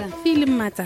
mata filin mata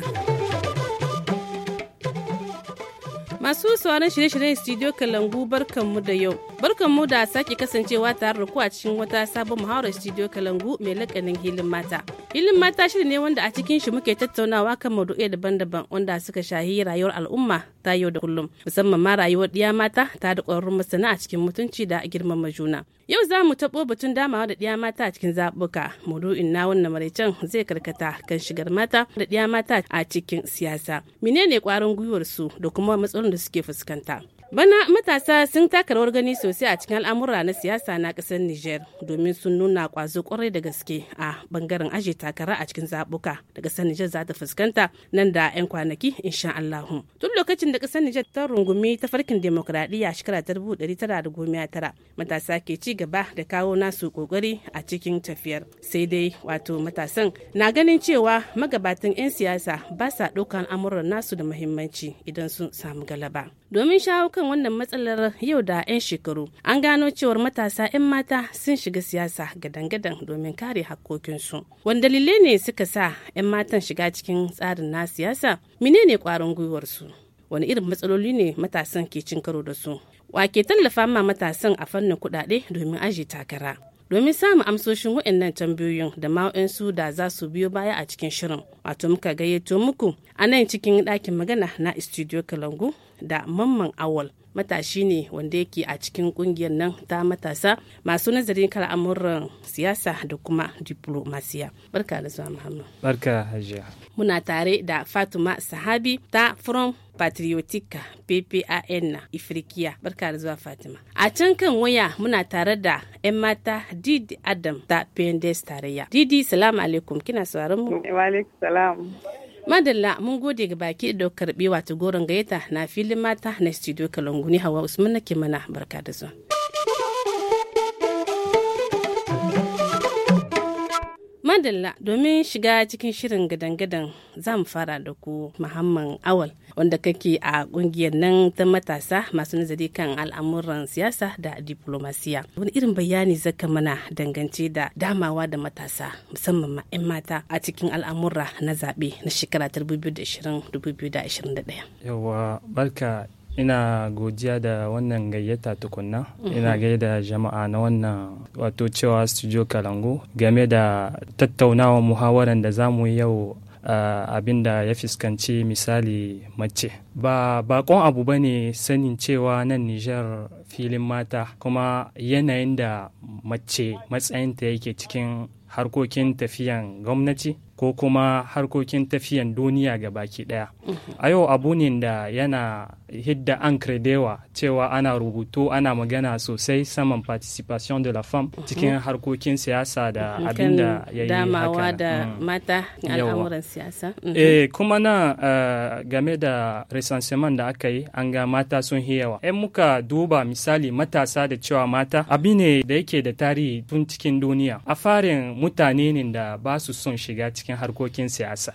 masu sauran shirye-shiryen studio kalangu barkanmu da yau barkanmu da sake kasancewa tare da ku a cikin wata sabon muhawarar studio kalangu mai lakanin hilin mata Filin mata shiri ne wanda a cikin shi muke tattaunawa kan maudu'ai daban-daban wanda suka shahi rayuwar al'umma ta yau da kullum musamman ma rayuwar ɗiya mata ta da ƙwararrun masana a cikin mutunci da girmama juna. Yau za mu taɓo batun damawa da ɗiya mata a cikin zaɓuka maudu'in na wannan maraicen zai karkata kan shigar mata da ɗiya mata a cikin siyasa. Menene ƙwarin gwiwar su da kuma matsalolin da suke fuskanta? Bana matasa sun taka rawar gani sosai a cikin al'amura na siyasa na ƙasar Nijar domin sun nuna ƙwazo kwarai da gaske a bangaren aje takara a cikin zaɓuka da ƙasar Nijar za ta fuskanta nan da 'yan kwanaki insha Allahu. Tun lokacin da ƙasar Nijar ta rungumi ta farkin demokradiyya shekara ta tara matasa ke ci gaba da kawo nasu ƙoƙari a cikin tafiyar. Sai dai wato matasan na ganin cewa magabatan 'yan siyasa ba sa ɗaukan al'amuran nasu da muhimmanci idan sun samu galaba. domin shawo kan wannan matsalar yau da 'yan shekaru an gano cewar matasa 'yan mata sun shiga siyasa gadan-gadan domin kare hakokinsu Wani dalilai ne suka sa 'yan matan shiga cikin tsarin na siyasa menene kwarin gwiwarsu wani irin matsaloli ne matasan ke cin karo da su wa ke tallafa ma matasan a fannin kuɗaɗe domin aji takara domin samun amsoshin waɗannan tambayoyin da ma'o'insu da za su biyo baya a cikin shirin wato muka gayyato muku a nan cikin ɗakin magana na studio kalangu da mamman awal matashi ne wanda yake a cikin kungiyar nan ta matasa masu nazarin kan al'amuran siyasa da kuma diplomasiya barka da zuwa muhammad barka hajiya muna tare da fatima sahabi ta from patriotica ppan ifrikiya barka da zuwa fatima a can kan waya muna tare da 'yan mata didi adam ta pendes tarayya didi salamu alaikum kina sauraron mu wa alaikum salam madalla mun gode ga baki da karbi wato goron gayyata na filin mata na studio kalanguni hawa usman nake mana barka da zuwa Madalla domin shiga cikin shirin gadan-gadan za mu fara da ku Muhammad Awal wanda kake a kungiyar nan ta matasa masu nazari kan al'amuran siyasa da diplomasiya. Wani irin bayani zaka mana dangance da damawa da matasa musamman ma 'yan mata a cikin al'amura na zaɓe na shekara 2020-2021. yawa barka ina godiya da wannan gayyata tukunna mhm. ina gaida jama'a na wannan wato cewa studio kalangu game da tattaunawa muhawaran da za mu yi yau ah, abin da ya fuskanci misali mace ba bakon abu ba ne sanin cewa nan nijar filin mata kuma yanayin da mace matsayinta yake cikin harkokin tafiyan gwamnati ko kuma harkokin tafiyan duniya ga baki daya mhm. a yau abu ne da yana hidda an kredewa cewa ana rubutu ana magana sosai saman participation de la femme mhm. cikin harkokin siyasa da abin da ya yi damawa da mm. mata al'amuran siyasa mhm. eh kuma na eh, game da recensement da aka yi an ga mata sun yawa yan muka duba misali matasa da cewa mata abi ne da yake da tarihi tun cikin duniya a farin mutane ne da ba su son shiga cikin cikin harkokin siyasa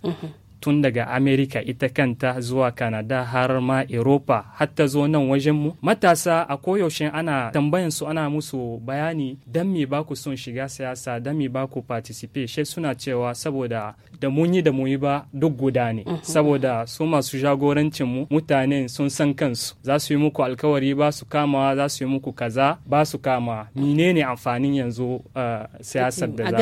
tun daga amerika ita kanta zuwa kanada har ma europa hatta zo nan wajen mu. matasa a koyaushe ana tambayan su ana musu bayani dan me ba ku son shiga siyasa dan me ba ku participate shi suna cewa saboda da mun yi da mun yi ba duk guda ne mhm. saboda su masu jagorancin mu mutanen sun san kansu za su yi muku alkawari ba su kama za su yi muku kaza ba su kama menene amfanin yanzu eh, siyasar da za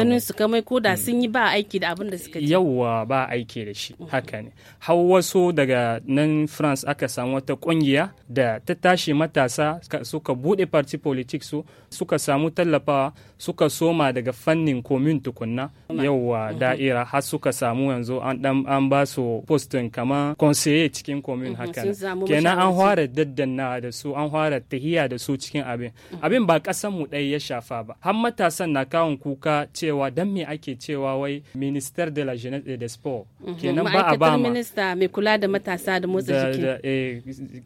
a ko da mm. sun yi ba aiki da abin da suka yauwa ba aiki da shi shi haka ne har wasu daga nan france aka samu wata kungiya da ta tashi matasa suka bude parti politik su suka samu tallafawa suka soma daga fannin komin tukunna yauwa mm-hmm. da'ira har suka samu yanzu an ba su postin kama conseiller cikin komin mm-hmm, haka kenan an fara daddanna da su an fara tahiya da su cikin abin mm-hmm. abin ba kasan mu ɗaya ya shafa ba har matasan na kawon kuka cewa dan me ake cewa wai minister de la jeunesse et des sports kenan minista mai kula da matasa da motsa jiki eh,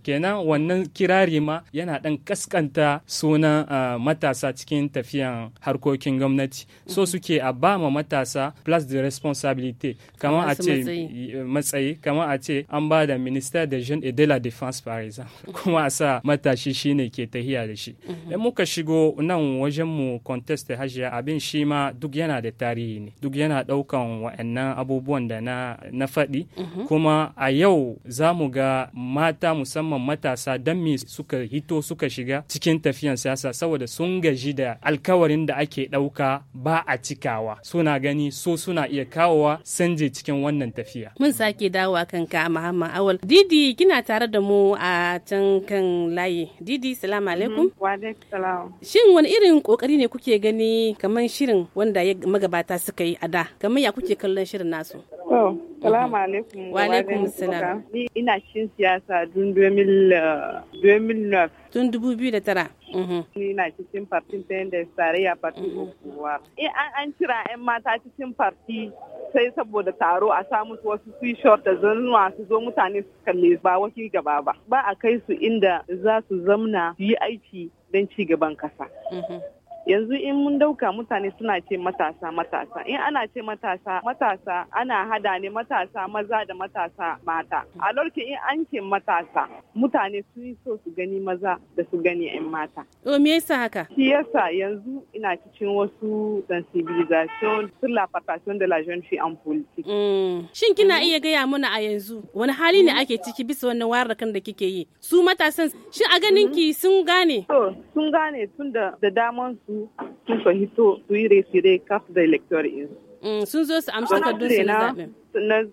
kenan wannan kirari ma yana dan kaskanta sunan ah, matasa cikin tafiyan harkokin gwamnati so mhm. suke a ba ma matasa plus de responsibility kamar a ce eh, matsayi kamar a ce an ba da minister de jeune et de la défense par exemple mhm. kuma a sa matashi shine ke tahiya da shi mhm. in muka shigo nan wajen mu contest hajiya abin shi ma duk yana da tarihi ne duk yana daukan wa'annan abubuwan da na na faɗi mhm. kuma a yau za mu ga mata musamman matasa don me suka hito suka shiga cikin tafiyan siyasa saboda sun gaji da alkawarin da ake ɗauka ba a cikawa suna gani so suna iya kawowa sanje cikin wannan tafiya. Mun sake dawowa kanka Muhammad Awal. Didi kina tare da mu a can kan layi. Didi salam mhm. alaikum. Wa salam. Shin wani irin kokari ne kuke gani kamar shirin wanda ya magabata suka yi a da? Kamar ya kuke kallon shirin nasu? Oh, salamu alaikum. Wa alaikum salam. Ni ina cin siyasa tun 2009. Tun 2009. Mhm. Ni na cikin partin da tarayya partin mhm. kowa. In eh, an an cira ƴan mata cikin parti sai saboda taro a samu wasu su short da zanuwa su zo mutane su kalle ba waki gaba ba. Ba a kai su inda za su zamna su yi aiki don ci gaban kasa. Mhm. yanzu in mun dauka mutane suna ce matasa matasa in ana ce matasa matasa ana hada ne matasa maza da matasa mata a lokacin in an ce matasa mutane sun yi so su gani maza da su gani yan mata to me yasa haka shi yasa yanzu ina cikin wasu sensibilisation sur la participation de la jeune fille en politique mm. shin kina iya gaya mana a yanzu wani hali ne ake ciki bisa wannan wayar kan da kike yi su matasan shin a ganin ki sun gane sun gane tun da da damansu su sun fahito su yi resire kaf da electoral sun zo su amsa takardun su na zaɓen na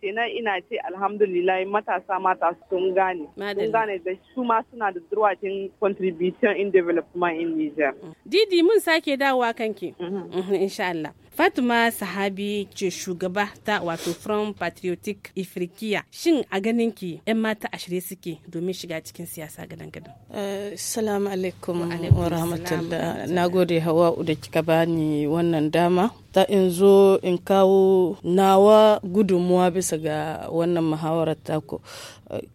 ce na ina ce alhamdulillah matasa mata sun gane sun gane da su ma suna da durwacin contribution in development in Niger. Didi mun sake dawowa kanki. Mhm. Mhm, insha Allah. Fatima Sahabi ce shugaba ta wato From Patriotic Ifrikiya. Shin a ganin ki 'yan mata a suke domin shiga cikin siyasa gadan gadan? Eh, salamu alaikum wa rahmatullah. Na gode hawa da kika bani wannan dama. Ta in zo in kawo nawa kowa gudunmuwa bisa ga wannan muhawarar taku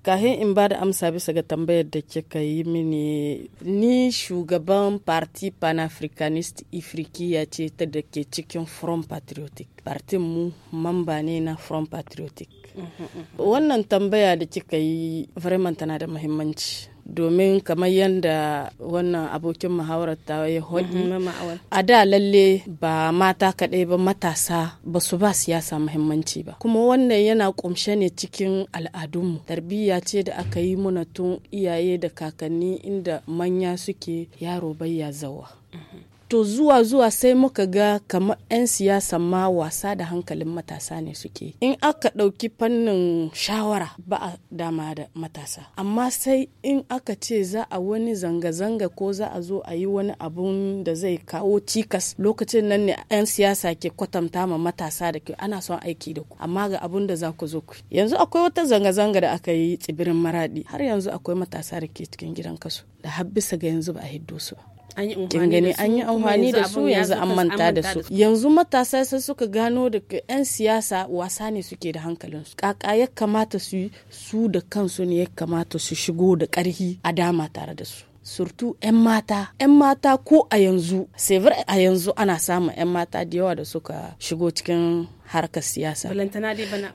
kahin in ba da amsa bisa ga tambayar da kika yi mini ni shugaban parti panafricanist ifrikiya ce ta da ke cikin front patriotic partin mu mamba ne na front patriotic mm-hmm. wannan tambaya da kika yi vraiment tana da muhimmanci domin kamar yadda wannan abokin muhawarar ta ya hodi mhm. a da lalle ba mata kaɗai ba matasa ba su ba siyasa muhimmanci ba kuma wannan yana kumshe ne cikin al'adunmu tarbiyya ce da aka yi muna tun iyaye da kakanni inda manya suke yaro bai ya zawa mhm. to zuwa zuwa sai muka ga kamar 'yan siyasa ma wasa da hankalin matasa ne suke in aka ɗauki fannin shawara ba a dama da matasa amma sai in aka ce za a wani zanga-zanga ko za a zo a yi wani abun da zai kawo cikas lokacin nan ne 'yan siyasa ke kwatanta ma matasa da ke ana son aiki da ku amma ga abun da za ku zo ku yanzu akwai wata zanga-zanga da aka yi tsibirin maradi har yanzu akwai matasa da ke cikin gidan kasu da har bisa ga yanzu ba a hiddo su ba kin gani an yi amfani da su yanzu an manta da su yanzu matasa sai suka gano da yan siyasa wasa ne suke da hankalin su kaka ya kamata su yi su da kansu ne ya kamata su shigo da karhi a dama tare da su surtu 'yan mata 'yan mata ko a yanzu sevir a yanzu ana samun 'yan mata da yawa da suka shigo cikin harkar siyasa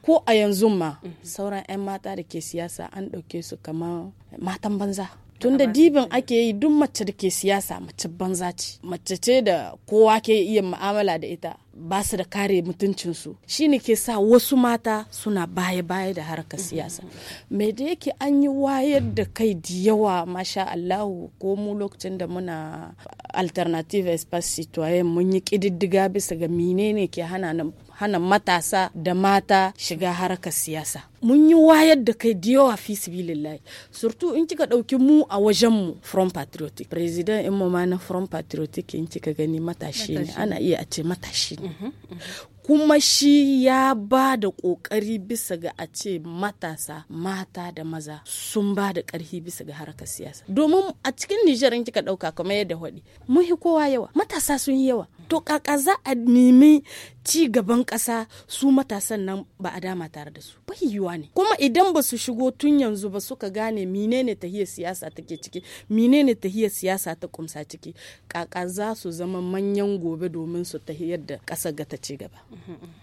ko a yanzu ma mhm. sauran 'yan mata da ke siyasa an ɗauke su kamar matan banza tun da dibin ake yi duk mace da ke siyasa mace banza ce mace ce da kowa ke iya ma'amala da ita ba su da kare mutuncinsu ne ke sa wasu mata suna baya-baya da harkar mhm. siyasa mai da yake an yi wayar da kai da yawa masha allahu ko mu lokacin da muna alternative espace citoyen mun yi ƙididdiga bisa ga menene ke hana hana matasa da mata shiga harkar siyasa mun yi wayar da kai da yawa fi sibilillahi surtu in kika ɗauki mu a wajen mu from patriotic president in ma na from patriotic in kika gani matashi ne ana iya a ce matashi ne mhm, mhm. kuma shi ya ba da ƙoƙari bisa ga a ce matasa mata da maza sun ba da ƙarfi bisa ga harkar siyasa domin a cikin nijar in kika ɗauka kamar yadda waɗi mun kowa yawa matasa sun yi yawa to kaka za a nemi ci gaban kasa su matasan nan ba a dama tare da su ba yiwuwa ne kuma idan ba su shigo tun yanzu ba suka gane menene tahiyar siyasa take ciki menene tahiyar siyasa ta kumsa ciki kaka za su zama manyan gobe domin su tahiyar da kasa ga ta ci gaba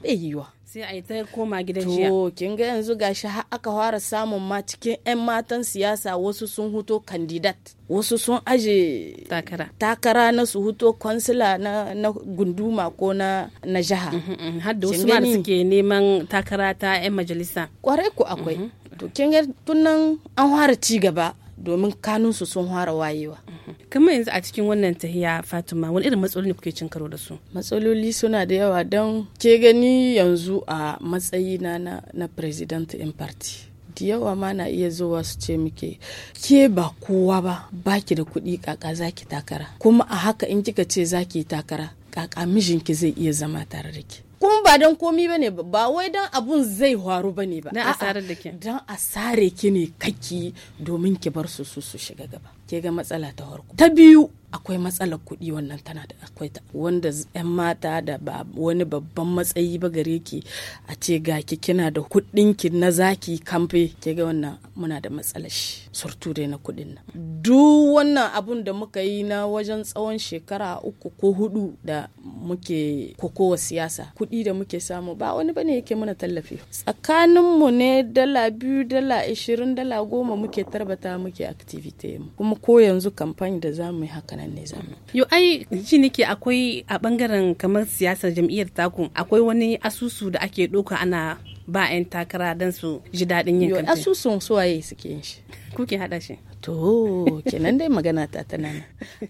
bai yiwuwa sai a yi ta koma gidan jiya to kin ga yanzu gashi har aka fara samun ma cikin 'yan matan siyasa wasu sun huto kandidat wasu sun aje takara takara na su huto kwansila na, na gunduma ko na, na jiha mm mhm, mhm. -hmm, mm da wasu ma suke neman takara ta 'yan majalisa kwarai ku akwai mhm. to kin ga tunan an fara ci gaba domin kanunsu sun fara wayewa kamar yanzu a cikin wannan tahiya fatima wani irin matsaloli kuke cin karo da su matsaloli suna da yawa don ke gani yanzu a matsayina na, na president in party yawa ma na iya zuwa su ce muke ke ba kowa ba baki da kuɗi kaka zaki takara kuma a haka in kika ce zaki takara kaka mijinki zai iya zama tare da ki kuma ba don komi ba ne ba wai don abun zai faru ba ne ba don asarar da ke don asare ki ne kaki domin ki bar su su su shiga gaba ke ga matsala ta farko ta biyu akwai matsalar kuɗi wannan tana da akwai ta wanda 'yan mata da ba wani babban matsayi ba gare ki a ce ga ki kina da kuɗin ki na zaki kamfe ke ga wannan muna da matsalar shi surtu dai na kuɗin nan du wannan abun da muka yi na wajen tsawon shekara uku ko hudu da muke kokowa siyasa kuɗi da muke samu ba wani bane yake muna tallafi tsakaninmu ne dala biyu dala ishirin dala goma muke tarbata muke activity kuma ko yanzu kamfani da za mu yi haka ne zama. yo ai shi nake akwai a bangaren kamar siyasar jam'iyyar taku akwai wani asusu da ake doka ana ba 'yan takara don su ji daɗin yin kamfen. asusun suwaye suke yin shi. Kuke haɗa shi. To, kenan dai magana ta tana nan.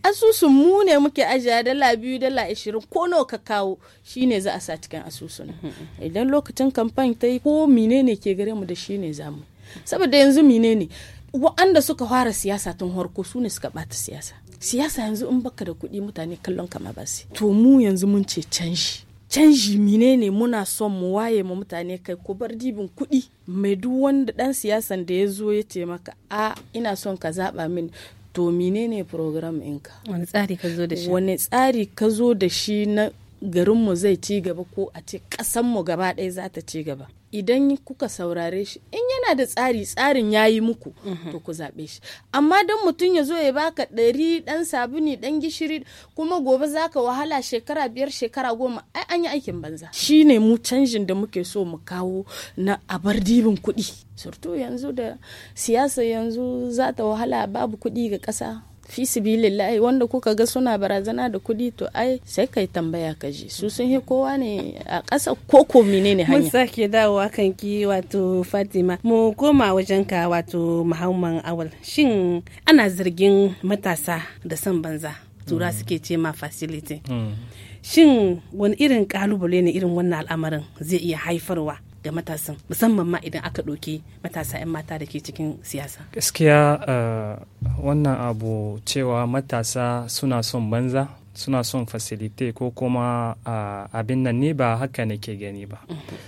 Asusun mu ne muke ajiya dala biyu dala ashirin ko nawa ka kawo shi ne za a sa cikin asusun. Idan lokacin kamfan ta yi ko mine ne ke gare mu da shi ne za mu. Saboda yanzu mine ne. Wa'anda suka fara siyasa tun harko su ne suka ɓata siyasa. siyasa yanzu in baka da kuɗi mutane kallon kama ba su to mu yanzu mun ce canji canji menene muna son mu waye ma mutane kai ko bar dibin kuɗi mai duk wanda ɗan siyasan da ya zo ya ce maka a ina son ka zaɓa min to menene program ɗinka wani tsari ka zo da shi wani tsari ka zo da shi na garinmu zai ci gaba ko a ce ƙasanmu gaba ɗaya za ta ci gaba idan kuka saurare shi in yana da tsari tsarin ya yi muku mhm. to ku zaɓe shi amma don mutum ya zo ya baka ɗari ɗan sabuni ɗan gishiri kuma gobe za ka wahala shekara biyar shekara goma ai an yi aikin banza shi ne mu canjin da muke so mu kawo na abar dibin kuɗi surtu yanzu da siyasa yanzu za ta wahala babu kuɗi ga ƙasa fi sibilillahi wanda kuka ga suna barazana da kudi to ai sai kai tambaya ka ji su sun yi kowa ne a ƙasa ko ko menene hanya mun sake dawowa kan ki wato Fatima mu koma wajen ka wato Muhammad Awal shin ana zargin matasa da san banza tura mm. suke ce ma facility mm. shin wani irin kalubale ne irin wannan al'amarin zai iya haifarwa ga matasan musamman ma idan aka ɗauki matasa 'yan mata da ke cikin siyasa gaskiya eh, wannan abu cewa matasa suna son banza suna son fasilite ko kuma eh, abin nan ne ba haka ne ke gani ba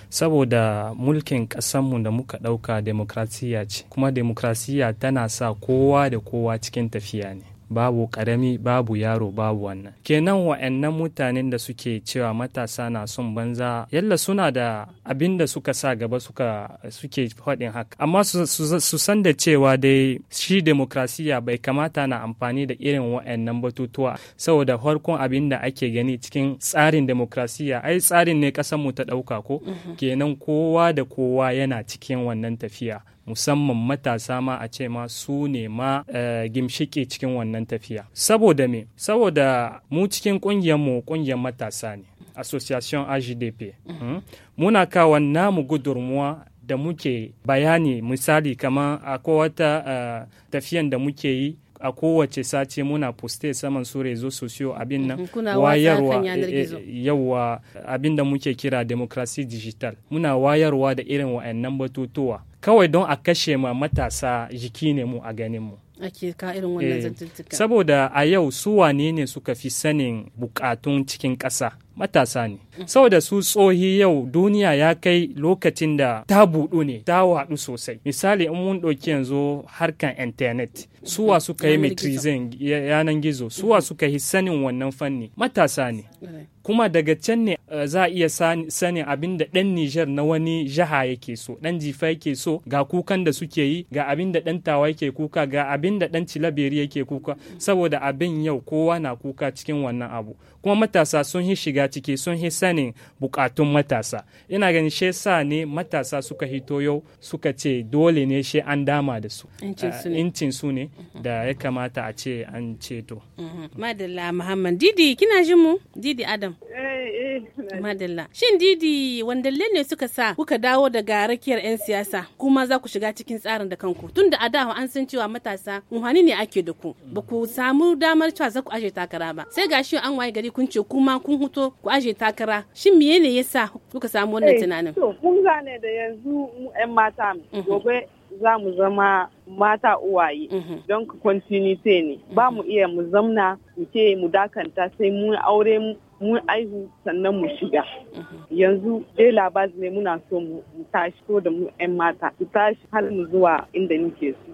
saboda mulkin ƙasanmu da muka ɗauka demokrasiya ce kuma demokrasiya tana sa kowa da kowa cikin tafiya ne babu karami babu yaro babu wannan kenan wa'annan mutanen da suke cewa matasa na son banza yalla suna da abin da suka sa gaba suka suke faɗin haka amma su san da cewa dai shi demokrasiya bai kamata na amfani da irin wa'annan batutuwa saboda farkon abin da ake gani cikin tsarin demokrasiya ai tsarin ne ƙasar mu ta ɗauka ko mm-hmm. kenan kowa da kowa yana cikin wannan tafiya musamman matasa ma a ce ma su ne ma eh, gimshiƙi cikin wannan tafiya saboda me saboda mu cikin ƙungiyar mu ƙungiyan matasa ne association agdp hmm? muna kawo namu gudurmuwa da muke bayani misali kamar akwai wata eh, tafiyan da muke yi a kowace sace muna poste saman su rezo sosiyo abin nan mhm, wayarwa yawa eh, eh, abin da muke kira demokrasi digital muna wayarwa da irin wa'annan batutuwa kawai don a kashe ma matasa jiki ne mu a ganin mu eh, saboda a yau su wane ne suka fi sanin bukatun cikin ƙasa matasa ne saboda su tsohi yau duniya ya kai lokacin da ta buɗu ne ta waɗu sosai misali in mun ɗauki yanzu harkan intanet suwa suka yi metrizin yanan gizo suwa suka yi sanin wannan fanni matasa ne kuma daga can ne eh, za a iya sanin abin da ɗan Nijar na wani jiha yake so ɗan jifa yake so ga kukan da suke yi ga abin da ɗan tawa yake kuka ga abin da ɗan cilaberi yake kuka saboda abin yau kowa na kuka cikin wannan abu kuma matasa sun yi shiga ciki sun yi sanin bukatun matasa ina ganin shi sa ne matasa suka hito yau suka ce dole ne shi an dama da su incin su ah, ne mhm. da ya kamata a ce an ceto mhm. madalla muhammad didi kina jin mu didi adam eh, eh, madalla shin didi wandalle ne suka sa kuka dawo daga rakiyar 'yan siyasa kuma za ku shiga cikin tsarin da kanku tun da adawa an san cewa matasa unhani ne ake da ku ba ku samu damar cewa za ku aje takara ba sai gashi an waye gari kun ce kuma kun huto ku aje takara shin me ne yasa kuka samu wannan eh, tunanin to mun gane da yanzu mu yan mata mhm. gobe za mu zama mata uwaye mhm. don continue ne mhm. ba mu iya mu zamna mu ke mu dakanta sai mu aure mun aihu sannan mu shiga yanzu dai labari ne muna so mu tashi ko da mu 'yan mata su tashi har mu zuwa inda nike su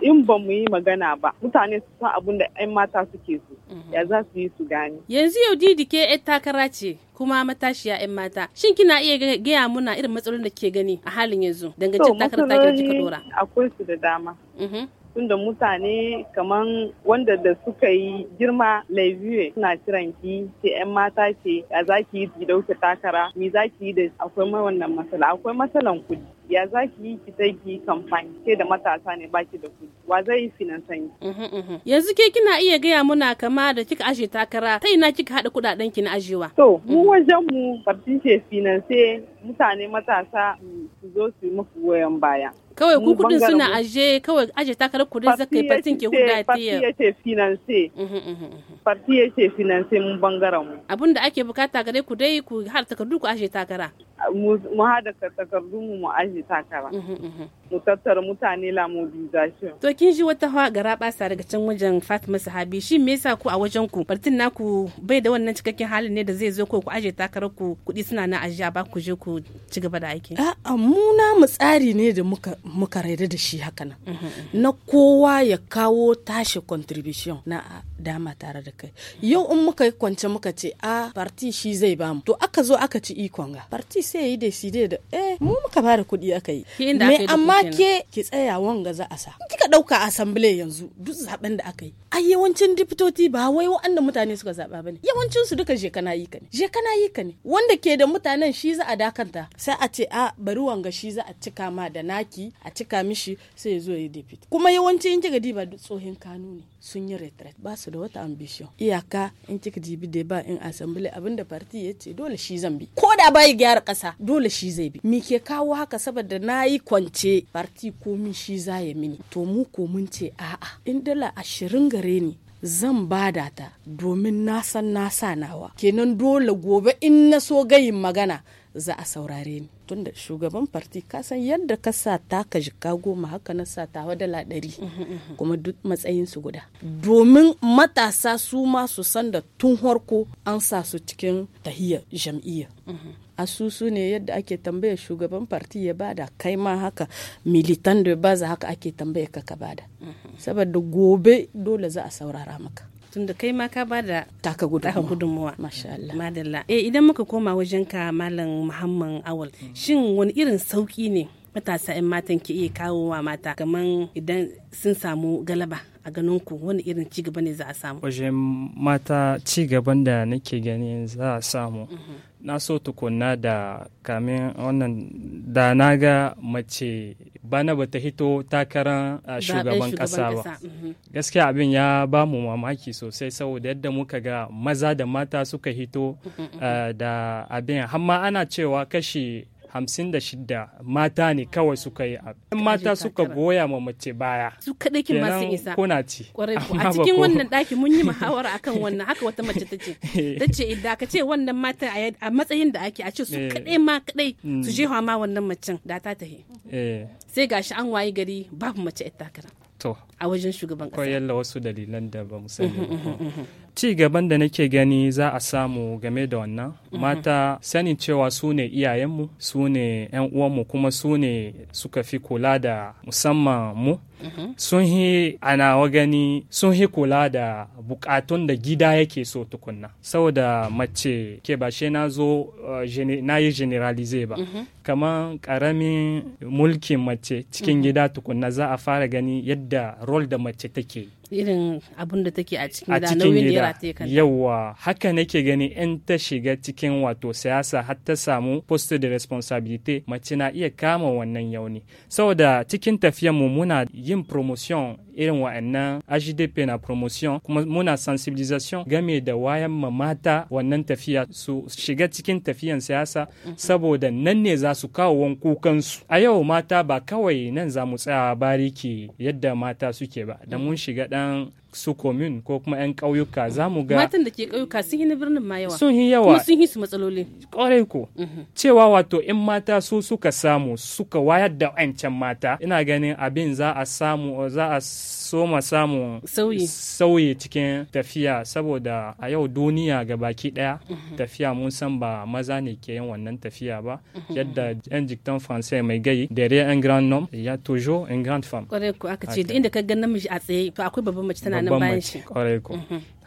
in ba mu yi magana ba mutane su san abin da 'yan mata suke so ya za su yi su gane. Yanzu yau Didi ke takara ce kuma matashiya 'yan mata. Shin kina iya gaya muna irin matsalolin da ke gani a halin yanzu dangance takarar kika dora? Akwai su da dama. Mm-hmm. tunda mutane kaman wanda da suka yi girma laifiwe suna kiran ki ce yan mata ce ya za ki yi ki dauke takara me za ki yi da akwai wannan matsala akwai matsalan kudi ya za ki yi ki sai ki kamfani ke da matasa ne baki da kudi wa zai yi finansan yanzu ke kina iya gaya muna kama da kika aje takara ta ina kika haɗa kuɗaɗen ki na ajewa to mu wajen mu farcin ce finanse mutane matasa su zo su yi muku goyon baya kawai ku kudin suna aje kawai aje takarar kudin zaka yi fatin ke huda tiya partiye ce finance partiye ce finance mun bangaren mu da ake bukata gare ku dai ku har takardu ku aje takara mu har da takardu mu mu aje takara. Mhm, mhm. mu tattara mutane la mobilization to kin ji wata hawa gara basa daga can wajen Fatima Sahabi shi me yasa ku a wajen ku partin naku bai da wannan cikakken halin ne da zai zo ko ku aje takarar ku kuɗi suna na ajiya ba ku je ku ci gaba da aiki a'a mu na mu tsari ne da muka muka raida da shi haka nan mhm, na kowa ya kawo tashi contribution na dama tare da kai yau in muka yi kwance muka ce a parti shi zai bamu to aka zo aka ci ikon ga parti sai yi shi da eh mu muka ba da kuɗi aka yi me amma ke ki tsaya wanga za a sa kika ɗauka asambile yanzu duk zaben da aka yi a yawancin dipitoti ba wai wanda mutane suka zaba bane yawancin su duka jekana yi ka ne jekana yi ka ne wanda ke da mutanen shi za a dakanta sai a ce a bari wanga shi za a cika ma da naki a cika mishi sai ya zo ya kuma yawancin in kika diba duk tsohin kanu ne sun yi retret ba su da wata ambition iyaka in kika dibi da ba in asambile abinda party ya ce dole shi zan bi ko da bai gyara kasa dole shi zai bi me ke kawo haka saboda na yi kwance farti komi shi za ya mini to mu ko mun ce a'a in dala ashirin gare ni zan bada ta domin na san na sa nawa kenan dole gobe in na so gayin magana za a saurare ni tunda shugaban farti ka san yadda ka sa taka jika goma haka na sa tawa dala ɗari kuma duk matsayin su guda domin matasa su ma su san da tun harko an sa su cikin tahiyar jam'iyya asusu ne yadda ake tambaya shugaban farti ya bada kai ma haka militan da baza haka ake tambaya ka ka bada mhm. saboda gobe dole za a saurara maka tunda kai ma ka bada taka gudunmuwa masha Allah madalla eh idan muka koma wajen ka malam muhammad awal mm. shin wani irin sauki ne matasa 'yan matan ke iya kawo wa mata kamar idan sun samu galaba a ganin ku wani irin cigaba ne za a samu wajen mata cigaban da nake gani za a samu mhm. na so tukunna da kamin wannan da na ga mace bana bata hito takarar shugaban kasa ba mm-hmm. gaskiya abin ya ba mu mamaki sosai saboda yadda muka ga maza da mata suka hito mm-hmm, mm-hmm. da abin amma ana cewa kashi 56 mata ne kawai suka yi abu mata suka goya ma mace baya su kadai kin isa kuna ci a cikin wannan daki mun yi muhawara akan wannan haka wata mace ta ce eh. ta ce idan ka ce wannan mata a matsayin da ake a ce su eh. kadai ma kadai su mm. je ma wannan macen da ta tahi eh. sai gashi an wayi gari babu mace ita takara to a wajen shugaban kasa yalla wasu dalilan da ba mu sani ci gaban da nake gani za a samu game da wannan mata sanin cewa su ne iyayenmu su ne 'yan uwanmu kuma su ne suka fi kula da musamman mu sun yi ana gani sun yi kula da bukatun da gida yake so tukunna saboda mace ke ba she na zo eh, na yi generalize ba mhm. kamar karamin mulkin mace cikin mhm. gida tukunna za a fara gani yadda rol da mace take irin abun da take a cikin gida nauyin da ya yawwa haka nake gani 'yan ta shiga cikin cikin wato siyasa har ta samu post de responsabilité mace na iya kama wannan yauni saboda cikin tafiyar mu muna yin promotion irin wa'annan HDP na promotion kuma muna sensibilisation game da wayan ma mata wannan tafiya su shiga cikin tafiyan siyasa saboda nan ne za su kawo wanku kansu a yau mata ba kawai nan za mu tsaya bariki yadda mata suke ba da mun shiga dan su komin ko kuma 'yan ƙauyuka za mu ga matan da ke ƙauyuka sun yi na birnin ma yawa sun yi yawa kuma sun yi su matsaloli ƙwarai ko mhm. cewa wato in mata su suka samu suka wayar da 'yancan mata ina ganin abin za a samu za a ma samu sauyi cikin tafiya saboda a yau duniya ga baki daya mhm. tafiya mun san ba maza ne ke yin wannan tafiya ba mhm. yadda yan jiktan fansai mai gai dare en grand nom ya tojo en grand femme kwarai ku aka ce inda ka ga namiji a tsaye to akwai babban mace tana nan bayan shi kwarai ku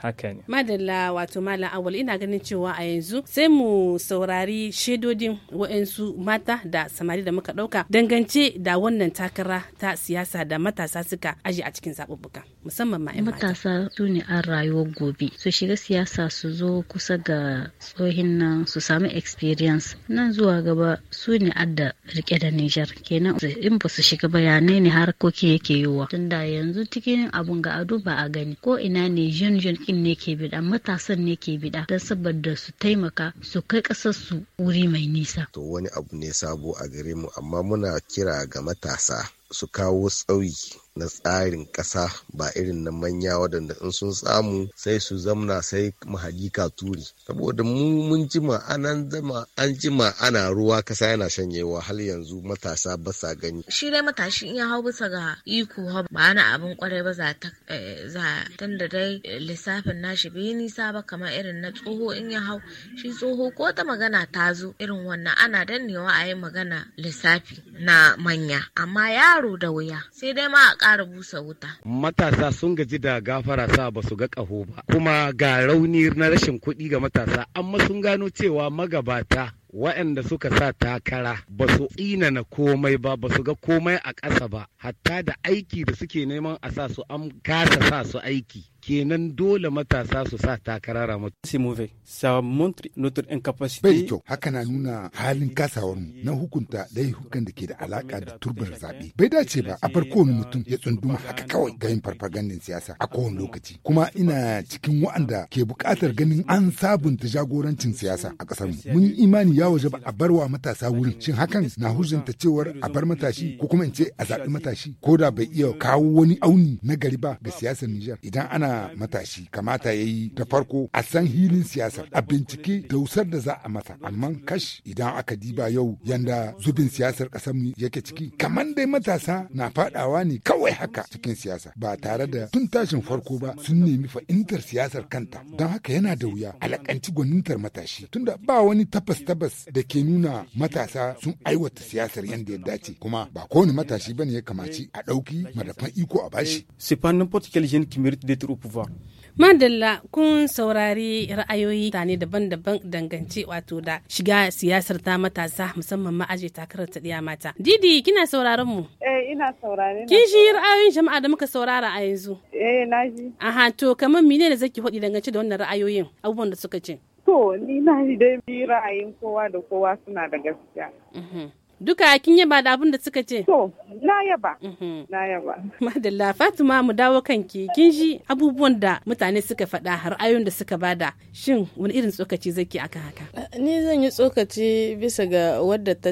haka ne madalla wato malam awal ina ganin cewa a yanzu sai mu saurari shaidodin wa'ansu mata da samari da muka dauka dangance da wannan takara ta siyasa da matasa suka aji a cikin zaɓuɓɓuka musamman ma matasa su ne an rayuwar gobe su shiga siyasa su zo kusa ga tsohin nan su samu experience nan zuwa gaba su ne adda rike da Nijar kenan in ba su shiga bayanai ne harkoki yake yiwuwa tunda yanzu cikin abun ga ado ba a gani ko ina ne jin jin aikin ne ke bida matasan ne ke bida don saboda su taimaka su kai ƙasar su wuri mai nisa. To wani abu ne sabo a gare mu amma muna kira ga matasa su kawo tsauyi na tsarin ƙasa ba irin na manya waɗanda in sun samu sai su zamna sai mahaji turi saboda mu mun jima anan zama an jima ana ruwa kasa yana shanyewa hal yanzu matasa ba sa gani shi dai matashi in ya hau bisa ga iko ha ba ana abin kwarai ba za ta eh, za tunda dai lissafin nashi bai nisa ba kamar irin na tsoho in ya hau shi tsoho ko ta magana ta zo irin wannan ana dannewa a yi magana lissafi na manya amma yaro da wuya sai dai ma ƙara busa wuta. Matasa sun gaji da gafara sa ba su ga ƙaho ba, kuma ga rauni na rashin kuɗi ga matasa, amma sun gano cewa magabata waɗanda suka sa takara ba su na komai ba ba su ga komai a ƙasa ba hatta da aiki da suke neman a sa su an kasa sa su aiki kenan dole matasa su sa takara ramu. c'est mauvais ça montre notre incapacité bai kyau haka na nuna halin kasawar mu na hukunta laifukan da ke da alaka da turbar zaɓe bai dace ba a farko wani mutum ya tsunduma haka kawai ga yin farfagandin siyasa a kowane lokaci kuma ina cikin wa'anda ke buƙatar ganin an sabunta jagorancin siyasa a ƙasar mu mun yi imani ya waje ba a wa matasa wurin shin hakan na hujjanta cewar a bar matashi ko kuma in ce a zaɓi matashi ko da bai iya kawo wani auni na gari ba ga siyasar Nijar idan ana matashi kamata ya yi da farko a san hilin siyasa a bincike dausar da za a masa amma kash idan aka diba yau yanda zubin siyasar kasar mu yake ciki kamar dai matasa na fadawa ne kawai haka cikin siyasa ba tare da tun tashin farko ba sun nemi fahimtar siyasar kanta don haka yana da wuya alakanci gwanintar matashi tunda ba wani tabbas tabbas da ke nuna matasa sun aiwata siyasar yadda ya dace kuma ba kowane matashi bane ya kamaci a ɗauki madafan iko a bashi. sifanin pas n'importe quel jeune qui mérite d'être pouvoir. Madalla kun saurari ra'ayoyi tane daban-daban dangance wato da shiga siyasar ta matasa musamman ma'aje takarar ta ɗiya mata. Didi kina sauraron mu? Eh ina saurare. Kin shi ra'ayoyin jama'a da muka saurara a yanzu? Eh na ji. Aha to kamar mine da zaki hodi dangance da wannan ra'ayoyin abubuwan da suka ce? To ni na ji dai ra'ayin kowa da kowa suna da gaskiya. Mhm. Duka kin yaba da abin da suka ce? To, na yaba. Mhm. Na yaba. Madalla Fatima mu dawo kanki kin ji abubuwan da mutane suka faɗa har ayon da suka bada. Shin wani irin tsokaci zaki akan haka? Ni zan yi tsokaci bisa ga wadda ta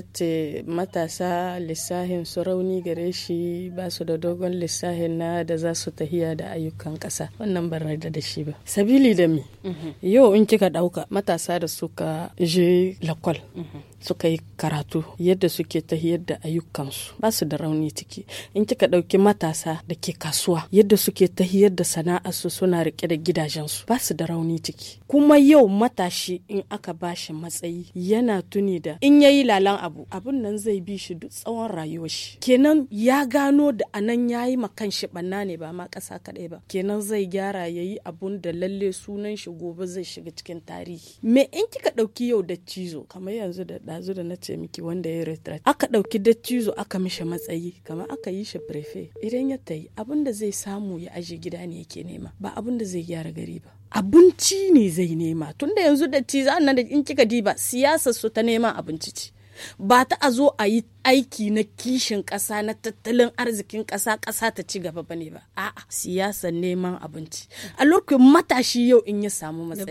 matasa lissahin su rauni gare shi ba su da dogon lissahin na da za su tahiya da ayyukan kasa. Wannan ban yarda da shi ba. Sabili da me? Mhm. Yau in kika ɗauka matasa da suka je lakwal mhm. suka yi karatu yadda suke tahiyar da ayyukansu ba su da rauni ciki in kika ɗauki matasa da ke kasuwa yadda suke tahiyar da sana'arsu suna rike da gidajensu ba su da rauni ciki kuma yau matashi in aka bashi matsayi yana tuni da in yayi lalan abu abun nan zai bi shi duk tsawon rayuwar shi kenan ya gano da anan yayi ma kanshi banna ne ba ma ƙasa kaɗai ba kenan zai gyara yayi abun da lalle sunan shi gobe zai shiga cikin tarihi me in kika ɗauki yau da cizo kamar yanzu da ɗazu da na ce miki wanda ya retraite aka ɗauki dattijo aka mishi matsayi kamar aka yi shi prefe idan ya tayi abin da zai samu ya aje gida ne yake nema ba abin zai gyara gari ba abinci ne zai nema tunda yanzu da an nan da in kika diba siyasar su ta neman abinci ce ba ta a zo a yi aiki na kishin ƙasa na tattalin arzikin ƙasa ƙasa ta ci gaba bane ba a'a siyasa neman abinci a lokacin matashi yau in ya samu matsayi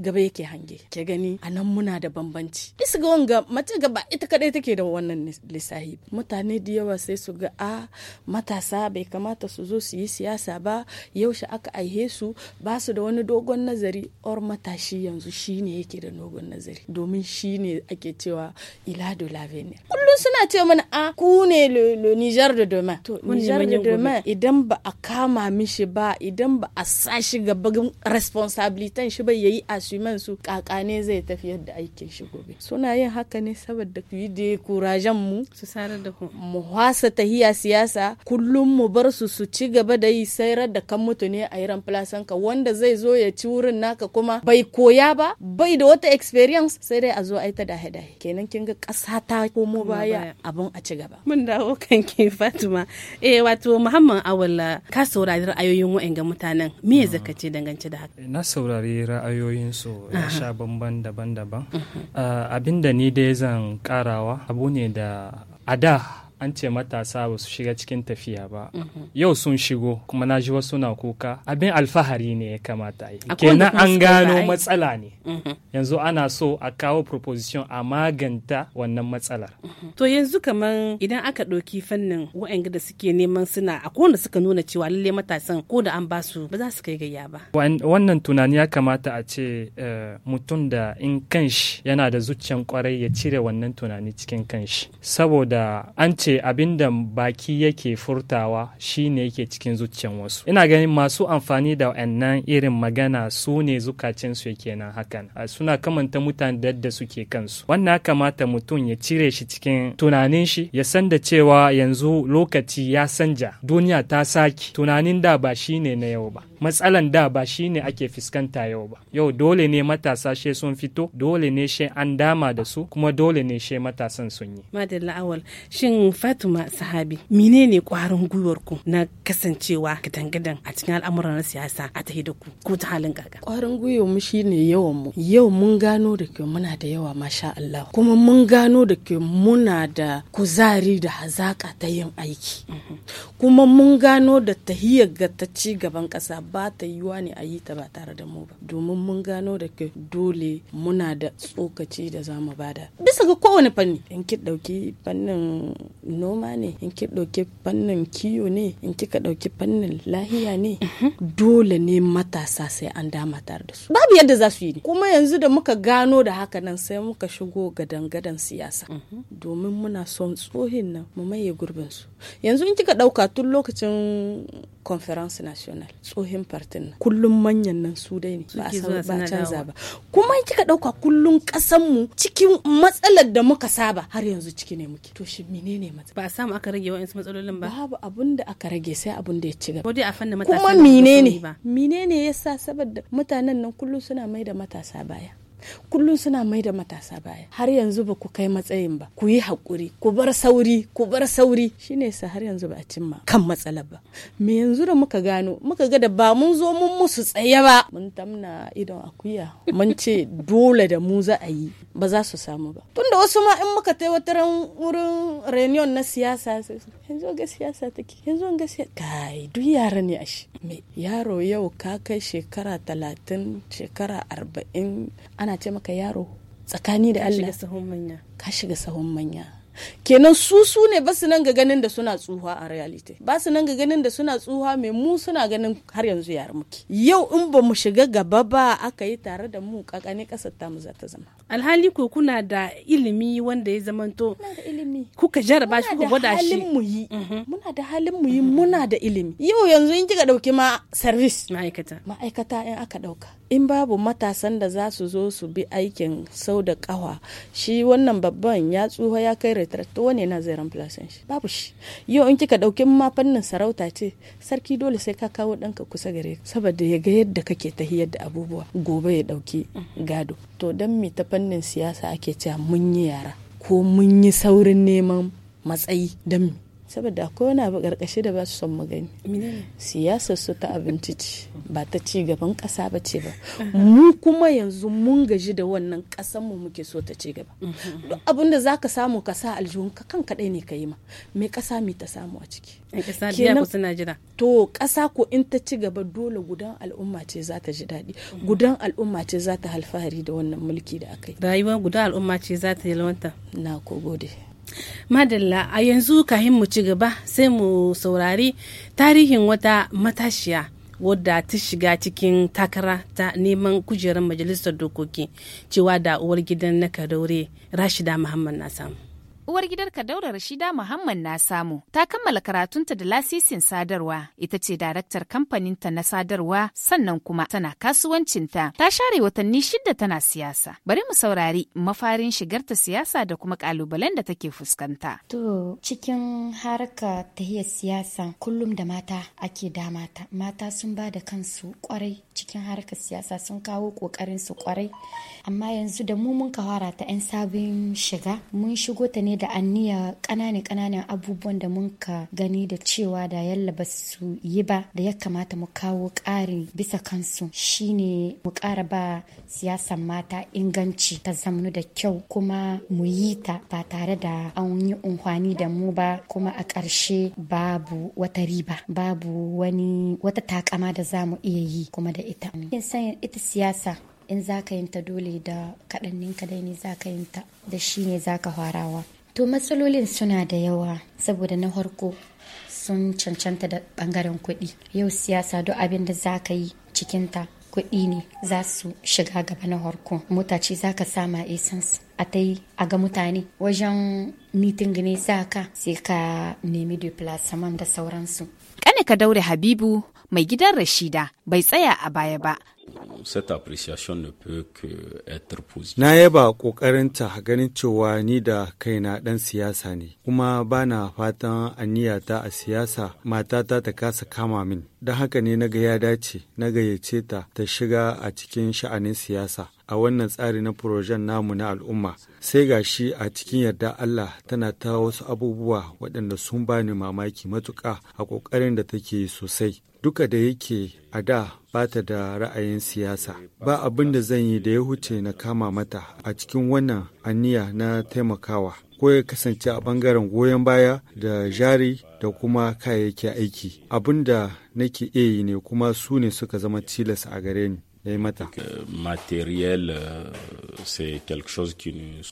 gaba yake hange ke gani a nan muna da bambanci isa ga wanga mace gaba ita kadai take da wannan lissahi mutane da yawa sai su ga a matasa bai kamata su zo su yi siyasa ba yaushe aka aihe su ba su da wani dogon nazari or matashi yanzu shine yake da dogon nazari domin shine ake cewa ila do lavenir suna ce mana a ah, ku ne le Niger da demain to Niger da demain idan ba a kama mishi ba idan ba a sa shi gaba responsibility shi ba yayi assumption su kakane zai tafi yadda aikin shi gobe suna yin haka ne saboda ku yi da kurajen mu su sarar da ku mu hasa tahiya siyasa kullum mu bar su su ci gaba da yi sayar da kan mutu ne a iran ka wanda zai zo ya ci wurin naka kuma bai koya ba bai da wata experience sai dai a zo aita da dahe kenan kin ga kasata ta komo baya baya abin a ci gaba mun dawo kan ke fatima eh wato muhammad awalla ka saurari ra'ayoyin wa'anga mutanen me ya zaka ce dangance da haka na saurari ra'ayoyin su ya sha bamban daban-daban mhm. ah, da ni dai zan karawa abu ne da a da an ce matasa ba su shiga cikin tafiya ba mhm. yau sun shigo kuma na ji wasu na kuka abin alfahari ne ya kamata yi kenan an gano matsala ne mhm. yanzu ana so a kawo proposition a maganta wannan matsalar mhm. to yanzu kamar idan aka ɗauki fannin wa'anga da suke neman suna a kowanne suka nuna cewa lalle matasan ko da an ba su ba za su kai gayya ba wannan tunani ya kamata a ce eh, mutum da in kanshi yana da zuciyan kwarai ya cire wannan tunani cikin kanshi saboda an ce ce abin da baki yake furtawa shine yake cikin zuciyan wasu ina ganin masu amfani da wannan irin magana su ne zukacin su kenan hakan suna kamanta mutane da suke kansu wannan kamata mutum ya cire shi cikin tunanin shi ya san da cewa yanzu lokaci ya sanja duniya ta saki tunanin da ba shine na yau ba matsalan da ba shine ake fuskanta yau ba yau dole ne matasa she sun fito dole ne she an dama da su kuma dole ne she matasan sun yi madalla awal shin Fatima Sahabi menene kwarin gwiwar ku na kasancewa katangadan a cikin al'amuran siyasa a tahi da ku ko ta halin kaka. Kwarin gwiwar mu shine yawan mu. Yau mun gano da ke muna da yawa masha Allah kuma mun gano da ke muna da kuzari da hazaka ta yin aiki. Mhm. Kuma mun gano da tahiya ga ta ci gaban kasa ba ta yiwa ne a yi ta ba tare da mu ba. Domin mun gano da ke dole muna da tsokaci da zamu bada. Bisa ga kowane fanni in ki ɗauki fannin noma ne in ki ɗauki fannin kiyo ne in kika ɗauki fannin lahiya ne mhm. dole ne matasa sai an dama tare da su babu yadda za su yi kuma yanzu da muka gano da haka nan sai muka shigo ga gadan siyasa mhm. domin muna son tsohin nan mu maye gurbin su yanzu in kika ɗauka tun lokacin conference national tsohin fartin kullum manyan nan su dai ne ba a ba canza ba kuma kika dauka kullum kasan mu cikin matsalar da muka saba har yanzu ciki ne muke to shi menene matsala ba a samu aka rage wa'ansu matsalolin ba babu abun da aka rage sai abun da ya ci gaba ko dai a fannin matasa kuma menene menene yasa saboda mutanen nan kullum suna mai da matasa baya kullum suna mai da matasa baya har yanzu ba ku kai matsayin ba ku yi haƙuri ku bar sauri ku bar sauri shine sa har yanzu ba a cimma kan matsala ba me yanzu da muka gano muka ga da ba mun zo mun musu tsaye ba mun tamna idon akuya mun ce dole da mu za a yi ba za su samu ba tunda wasu ma in muka tai wata wurin reunion na siyasa yanzu ga siyasa take yanzu ga siyasa kai duk yara ne ashi me yaro yau ka kai shekara talatin shekara arba'in ana ana ce maka yaro tsakani da Allah ka shiga sahun manya kenan su su ne ba su nan ga ganin da suna tsuha a reality ba su nan ga ganin da suna tsuha mai mu suna ganin har yanzu yar muke yau in ba mu shiga gaba ba aka yi tare da mu kakane kasar ta mu za ta zama alhali ko kuna da ilimi wanda ya to kuka jaraba shi kuka gwada shi mhm. muna da halin mu yi muna da ilimi yau yanzu in kika dauki ma service ma'aikata ma'aikata in aka dauka in babu matasan da za su zo su bi aikin sau da kawa shi wannan babban ya tsuha ya kai retret wane na zai ramplasin shi babu shi yau in kika dauki ma fannin sarauta ce sarki dole sai ka kawo danka kusa gare saboda ya ga yadda kake tahiyar da abubuwa gobe ya dauki mhm. gado to dan me ta fannin siyasa ake cewa mun yi yara ko mun yi saurin neman matsayi dan saboda ko wani abu karkashi da ba su son mu gani siyasar su ta abinci ce ba ta ci gaban kasa ba ce ba mu kuma yanzu mun gaji da wannan kasan mu muke so ta ci gaba mhm. duk abin da zaka samu ka sa aljihun ka kan kadai ne ka yi ma me kasa mi ta samu a ciki kenan to kasa ko in ta ci gaba dole gudan al'umma ce za ta ji daɗi mhm. gudan al'umma ce za ta alfahari da wannan mulki da aka yi rayuwar gudan al'umma ce za ta yi yalwanta na ko gode madalla a yanzu kahin mu ci gaba sai mu saurari tarihin wata matashiya wadda ta shiga cikin takara ta neman kujerar majalisar dokoki cewa da uwar gidan na kadaure rashida muhammad na samu uwar gidan Daura Rashida Muhammad na samu ta kammala karatunta da lasisin sadarwa ita ce daraktar kamfaninta na sadarwa sannan kuma tana kasuwancinta ta share watanni shida tana siyasa bari mu saurari mafarin shigarta siyasa da kuma kalubalen da take fuskanta. To cikin harka tahiyar siyasa kullum da mata ake da mata mata sun ba da kansu kwarai cikin harkar siyasa sun kawo kokarin su kwarai amma yanzu da mu mun kawara ta 'yan sabon shiga mun shigo ta ne da anniya ƙananan kananan abubuwan da mun ka gani da cewa da yalla ba su yi ba da ya kamata mu kawo ƙari bisa kansu shine mu ƙara ba siyasan mata inganci ta zamanu da kyau kuma mu yi ta ba tare da an yi unhwani da mu ba kuma a ƙarshe babu wata riba babu wani wata takama da za mu iya yi kuma da ita. ita siyasa in za ka ta dole da kaɗanninka dai ne za ka ta da shi ne za ka farawa. To matsalolin suna da yawa saboda na harko sun cancanta da bangaren kuɗi. Yau siyasa duk abin da za ka yi cikinta kuɗi ne za su shiga gaba na harko. Mota ce za ka sama essence a ta yi a ga mutane wajen mitin ne za ka sai ka nemi deplacement da sauransu. Kane ka daure Habibu mai gidan Rashida bai tsaya a baya ba. Na yaba ƙoƙarinta ganin cewa ni da kaina ɗan siyasa ne, kuma ba na fatan aniyata a siyasa matata ta kasa kama min. Don haka ne na ga ya dace, na gayyace ta ta shiga a cikin sha'anin siyasa. a wannan tsari na projen namu na al'umma sai ga shi a cikin yarda Allah tana ta wasu abubuwa waɗanda sun bani mamaki matuƙa a ƙoƙarin da take sosai duka da yake a da ba ta da ra'ayin siyasa ba abin da zan yi da ya huce na kama mata a cikin wannan aniya na taimakawa ko ya kasance a bangaren goyon baya da jari da kuma kayayyaki aiki abin da nake iya yi ne kuma su ne suka zama tilas a gare ni ya yi mata. Materiel eh, quelque chose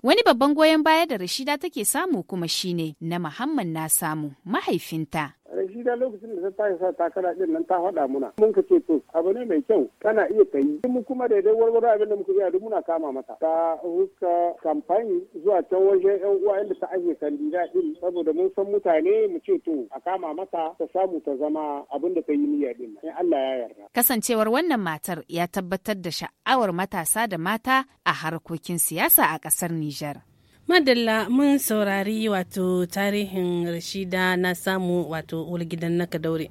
Wani babban goyon baya da Rashida take samu kuma shine na Muhammad na samu mahaifinta. shi da lokacin da ta sa takara din nan ta faɗa muna mun ka ce to abu ne mai kyau kana iya ta yi mu kuma daidai warware abin da muka iya duk muna kama mata ta huska kamfani zuwa can waje yan uwa inda ta ake kandida din saboda mun san mutane mu ce to a kama mata ta samu ta zama abin da ta yi niyya din in Allah ya yarda kasancewar wannan matar ya tabbatar da sha'awar matasa da mata a harkokin siyasa a ƙasar Nijar. madalla mun saurari wato tarihin rashida na samu wato wulgidan na kadaure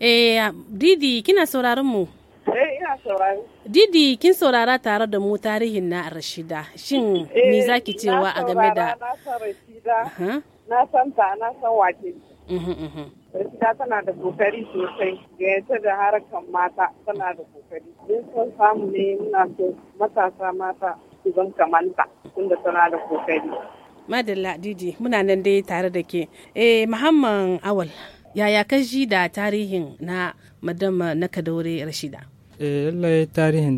eh didi kina sauraron mu eh ina saurari didi kin saurara tare da mu tarihin na rashida shin me eh, zaki cewa a game da na san rashida na san ta na san wake mhm, mhm. Rashida tana da kokari sosai gayyata da harkar mata tana da kokari. Mun san samu ne muna so matasa mata uban kamanta tunda tana da kokari madalla didi muna nan dai tare da ke eh muhammad awal yaya ka ji da tarihin na madama na Kadore rashida eh lallai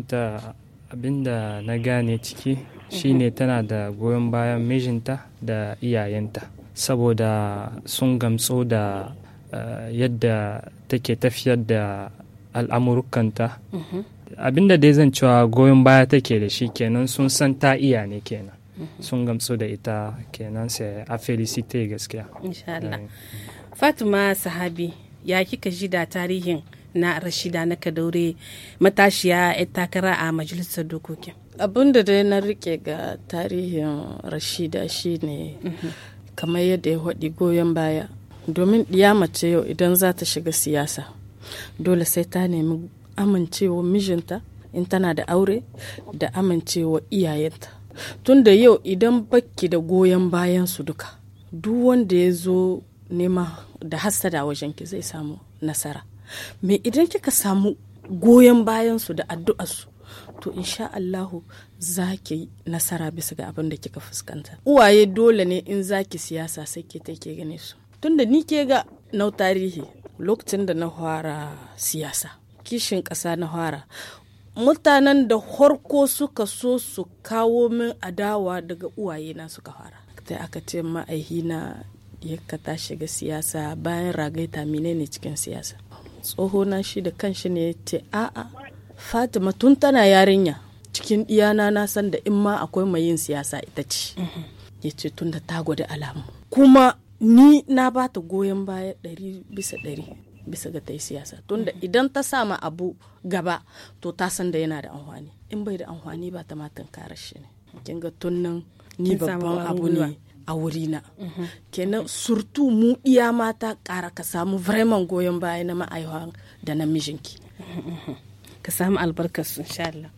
ta abinda na gane ciki shine mhm. tana da goyon bayan mijinta da iyayenta saboda sun gamso da eh, yadda take tafiyar da al'amurkanta. Mhm. abinda dai zan cewa goyon baya take da shi kenan sun san ta iya ne kenan mhm. sun gamsu da ita kenan sai a felicite gaskiya eh. fatima sahabi ya kika ji da tarihin na rashida na kadaure matashiya ya takara a majalisar dokokin abinda dai na rike ga tarihin rashida shine mhm. kamar yadda ya haɗi goyon baya domin ɗiya mace yau idan za ta shiga siyasa dole sai ta nemi amincewa mijinta in tana da aure da amincewa iyayenta tun da yau idan bakki da goyon bayan su duka duk wanda ya zo nema da hassada wajen ki zai samu nasara me idan kika samu goyon bayan su da addu'arsu to insha Allahu za ki nasara bisa ga abin da kika fuskanta uwaye dole ne in za ki siyasa sai ke take gane su tunda ni ke ga nau tarihi lokacin da na fara siyasa kishin ƙasa na fara mutanen da harko suka so su kawo min adawa daga uwayena suka fara ta aka ce ma'aihina ya ka ta shiga siyasa bayan ragaita menene cikin siyasa tsohona shi da kanshi ne ya ce a'a fatima tun tana yarinya cikin iyana na san da in ma akwai mai yin siyasa ita ce ya ce tun da ta gwada alamu kuma ni na ba ta goyon baya ɗari bisa ɗari bisa ga ta siyasa tunda idan ta sa ma abu gaba to ta san da yana da amfani in bai da amfani ba ta matan kara shi ne kin ga tunnan ni babban abu ne a wurina mhm. kenan surtu mu iya mata kara ka samu vraiment goyon baya na ma'aiwa da na mijinki ka samu albarkar su insha Allah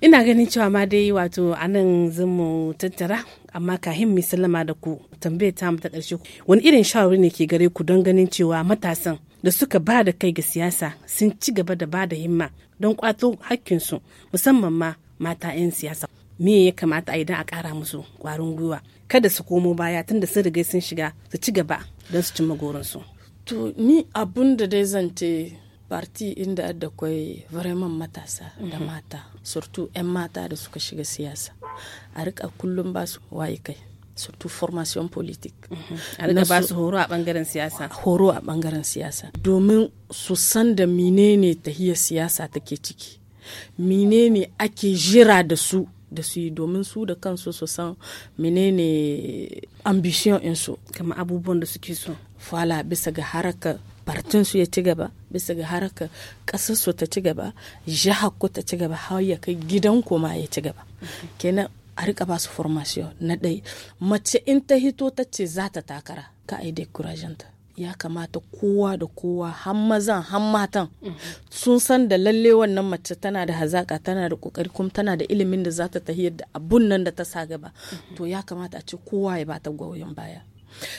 ina ganin cewa ma dai wato anan zan mu tattara amma kahin mai sallama da ku tambaye ta mu ta ƙarshe wani irin shawari ne ke gare ku don ganin cewa matasan da suka ba da kai ga siyasa sun ci gaba da ba da himma don kwato hakkinsu musamman ma mata 'yan siyasa me ya kamata a idan a ƙara musu ƙwarin gwiwa kada su komo baya tunda sun riga sun shiga su ci gaba don su cimma gorinsu to ni abun da dai zan ce parti inda da kwai vraiment matasa da mhm. mata surtout 'yan mata da suka shiga siyasa a rika kullum ba su waye kai surtout formation politique mhm. a rika ba su horo a bangaren siyasa horo a bangaren siyasa domin su san da menene tahiyar siyasa take ciki menene ake jira da su da su yi domin su da kansu su san menene ambition insu kama abubuwan da suke so fala bisa ga harakar su ya ci gaba bisa ga haraka ƙasarsu ta ci gaba jihakku ta ci gaba har ya kai gidan koma ya ci gaba kenan a rika ba su formation na ɗai mace in ta hito ta ce za ta takara ka a yi ya kamata kowa da kowa har mazan har matan sun san da lalle wannan mace tana da hazaka tana da kokari kuma tana da ilimin da za ta tahiyar da abun nan da ta sa gaba to ya kamata a ce kowa ya bata goyon baya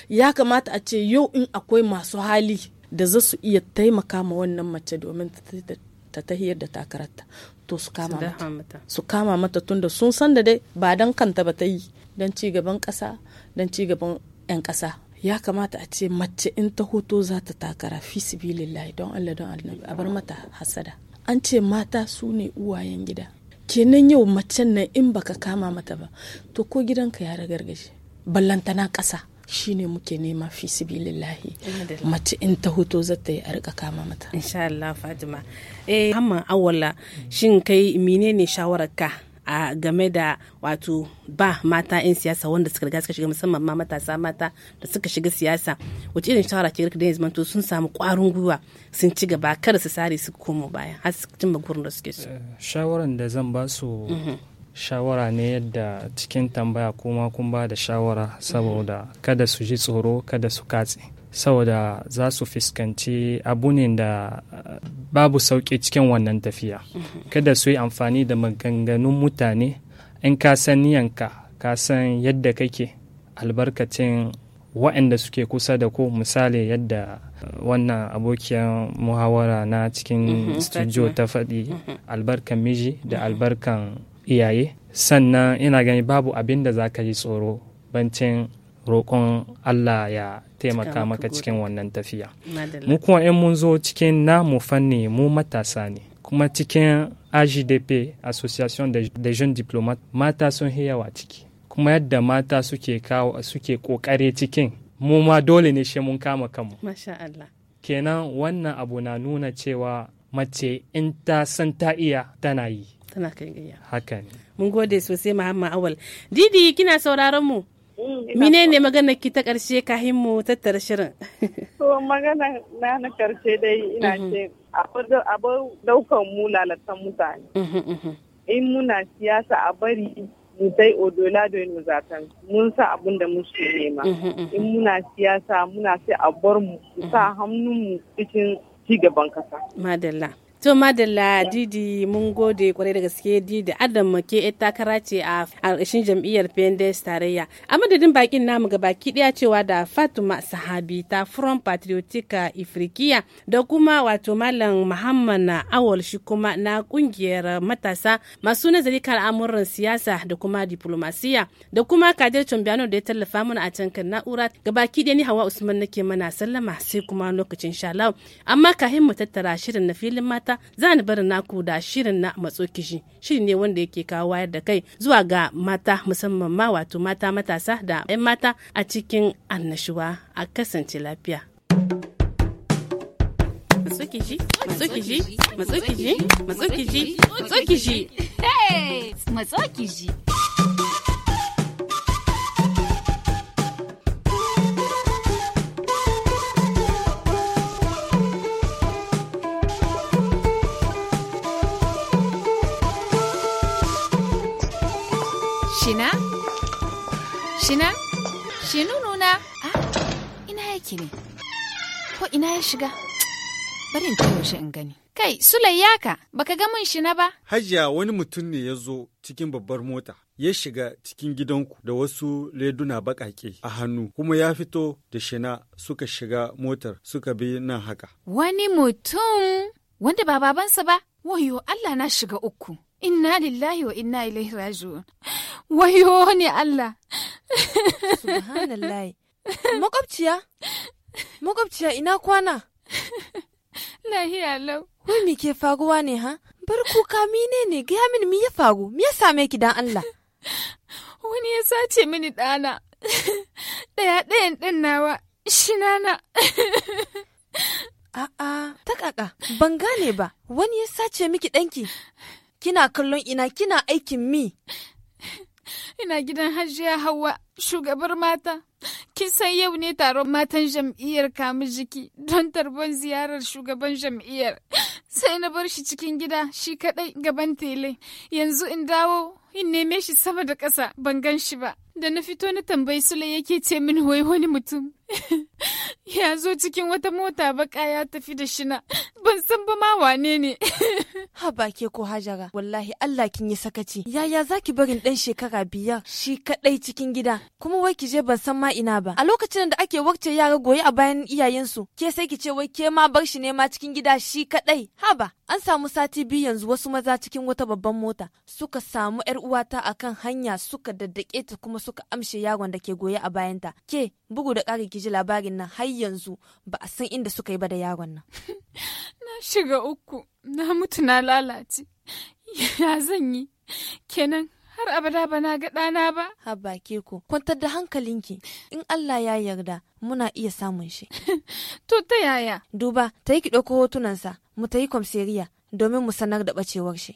ya kamata a ce yau in akwai masu hali da za su iya taimaka ma wannan mace domin ta tahiyar da takararta to su kama mata su kama mata tunda sun san da dai ba dan kanta ba ta yi dan ci gaban ƙasa dan ci gaban 'yan ƙasa ya kamata a ce mace in ta hoto za ta takara fi sibilillahi don Allah don annabi a bar mata hasada an ce mata su ne uwayen gida kenan yau macen nan in baka kama mata ba to ko gidanka ya ragargaje ballantana ƙasa shi ne muke nema fi sibilillahi mace in ta hoto za ta yi a rika kama mata insha Allah Fatima eh hamman awala shin kai menene shawararka a game da wato ba mata 'yan siyasa wanda suka riga suka shiga musamman ma matasa mata da suka shiga siyasa wace irin shawara ke rika da yanzu sun samu kwarin gwiwa sun ci gaba kada su sare su komo baya har su cimma gurin da suke so eh, shawaran da zan ba su mhm. shawara ne yadda cikin tambaya kuma kun ba da shawara saboda kada su ji tsoro kada su katse saboda za su fuskanci abu ne da eh, babu sauƙi cikin wannan tafiya kada su yi amfani da maganganun mutane in ka san niyanka ka san yadda kake albarkacin waɗanda suke kusa da ku misali yadda eh, wannan abokiyar muhawara na cikin mm-hmm, studio ta faɗi mm-hmm. albarkan miji da mm-hmm. albarkan iyaye sannan ina gani babu abin da za ka yi tsoro bancin roƙon Allah ya taimaka maka cikin wannan tafiya. Mu kuma in mun zo cikin namu fanni mu matasa ne, kuma cikin AGDP Association de Jeunes Diplomates mata sun yawa ciki. Kuma yadda mata suke kawo suke kokare cikin mu ma dole ne shi mun kama kanmu. Masha Allah. Kenan wannan abu na nuna cewa mace in ta san ta iya tana yi. tana kan gayya haka ne mun gode sosai muhammad awal didi kina sauraron mu mm, mine ne magana ki ta karshe kahin mu tattara shirin to magana na na karshe dai ina mm-hmm. ce abu daukan mu lalatan mutane mm-hmm, mm-hmm. in muna siyasa a bari mu dai odola da yin zatan mun sa abun da muke nema in muna siyasa muna sai a bar mu sa hannun mu cikin ci kasa madalla To Madalla Didi mun gode kwarai da gaske Didi Adam Make ita takara ce a ƙarshen jam'iyyar PNDS tarayya. A madadin bakin namu ga baki ɗaya cewa da Fatuma Sahabi ta Front Patriotic Ifrikiya da kuma wato Malam Muhammad na Awal shi kuma na kungiyar matasa masu nazari kan al'amuran siyasa da kuma diplomasiya da kuma Kadir Chombiano da ya tallafa mana a can kan na'ura ga baki ɗaya ni Hawa Usman nake mana sallama sai kuma lokacin shalau amma kahin mu tattara shirin na filin mata mata za ni barin naku da shirin na matso kishi shiri ne wanda yake kawo wayar da kai zuwa ga mata musamman ma wato mata matasa da 'yan mata a cikin annashuwa a kasance lafiya. matsukiji matsukiji matsukiji matsukiji matsukiji matsukiji Shina? Shina? nuna? Ah, ina yake ne? Ko ina ya shiga? Bari in tawo shi in gani. Kai, Sulayyaka, baka ga mun shina ba? Hajiya wani mutum ne ya zo cikin babbar mota. ya shiga cikin gidanku da wasu leduna baƙaƙe a hannu kuma ya fito da shina suka shiga motar suka bi nan haka. Wani mutum wanda ba babansa ba, wayo Allah na shiga uku. Inna lillahi wa inna ilaihi raji'un. Wayo ne Allah. Subhanallah. Makwabciya? Makwabciya ina kwana? Lahiya lau. Wai me ke faruwa ne ha? Bar kuka mine ne gaya min me ya faru? Me ya same ki dan Allah? Wani ya sace mini ɗana. Ɗaya ɗayan ɗin nawa. Shinana. A'a, ta kaka, ban gane ba, wani ya sace miki ɗanki. Kina kallon ina kina aikin mi? Ina gidan hajiya Hauwa, shugabar mata. Kin san yau ne taron matan jam'iyyar kamun jiki don tarban ziyarar shugaban jam'iyyar. Sai na bar shi cikin gida shi kaɗai gaban tele. Yanzu in dawo in neme shi sama da ƙasa ban gan shi ba. Da na fito na tambayi Sule yake ce min wai wani mutum ya zo cikin wata mota baka ya tafi da shina ban san ba ma wane ne haba ke ko hajara wallahi Allah kin yi sakaci yaya zaki barin dan shekara biyar shi kadai cikin gida kuma wai ki je ban san ma ina ba a lokacin da ake wacce yara goyi a bayan iyayensu ke sai ki ce wai ke ma bar shi ne ma cikin gida shi kadai haba an samu sati biyu yanzu wasu maza cikin wata babban mota suka samu yar uwata akan hanya suka daddake ta kuma suka amshe yaron da ke goye a bayanta ke bugu da ƙari ki ji labarin nan har yanzu ba a san inda suka yi ba da yaron nan. na shiga uku, na mutu na lalace, ya zan yi, kenan har abada ba na ga ɗana ba. Haba ke ku, kwantar da hankalinki, in Allah ya yarda muna iya samun shi. to ta yaya? Duba, ta yi ki ɗauko hotunansa, mu ta yi kwamseriya domin mu sanar da ɓacewar shi.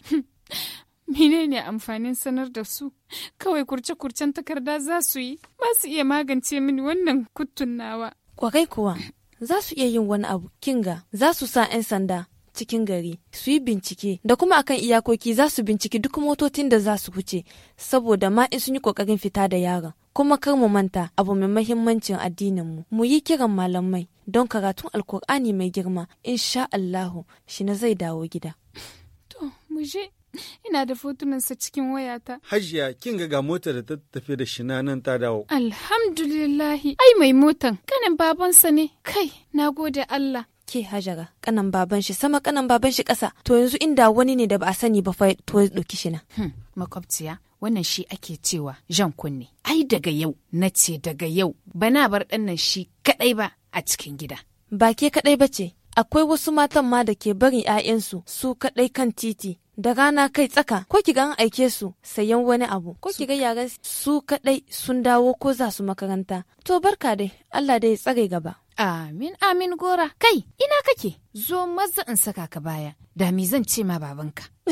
menene amfanin sanar da su kawai kurce-kurcen takarda za su yi ba su iya magance mini wannan kuttun nawa kwarai kuwa za su iya yin wani abu kinga za su sa 'yan sanda cikin gari su yi bincike da kuma akan iyakoki za su binciki duk motocin da za su wuce saboda ma in sun yi kokarin fita da yaron kuma kar mu manta abu mai mahimmancin addininmu mu yi kiran malamai don karatun alkur'ani mai girma insha Allahu shi na zai dawo gida to mu je Ina da sa cikin wayata. Hajiya, kin ga ga motar da ta tafi da shi nan ta dawo. Alhamdulillahi, ai mai motan, kanin babansa ne. Kai, na gode Allah. Ke hajara, kanan baban shi sama kanan baban shi kasa To yanzu inda wani ne da ba a sani ba fa to ya shi na. Hmm, makwabciya, wannan shi ake cewa jan kunne. Ai daga yau, na ce daga yau, bana bar ɗan shi kaɗai ba a cikin gida. Ba ke kaɗai ba ce, akwai wasu matan ma da ke barin 'ya'yansu su kaɗai kan titi da rana kai tsaka ko ki ga an aike su sayan wani abu ko ki ga yaran su kadai sun dawo ko za su makaranta to barka dai Allah dai ya tsare gaba Amin, amin gora. Kai, ina kake? Zo maza in saka ka baya, da mi zan ce ma babanka.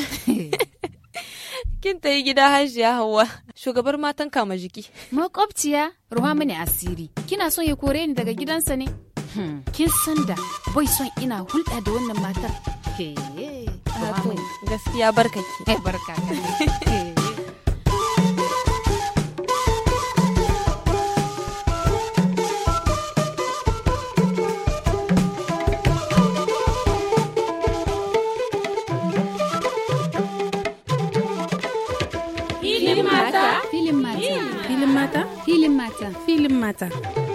Kin ta yi gida hajiya hawa, shugabar matan kama jiki. Makwabciya, ruwa mini asiri. Kina son ya kore ni daga gidansa ne? Hmm. Kin san da, bai son ina hulɗa da wannan matar. Gaskiya barka ke. Eh, barka Filin mata. Filin mata. Filin mata. Filin mata. Filin mata.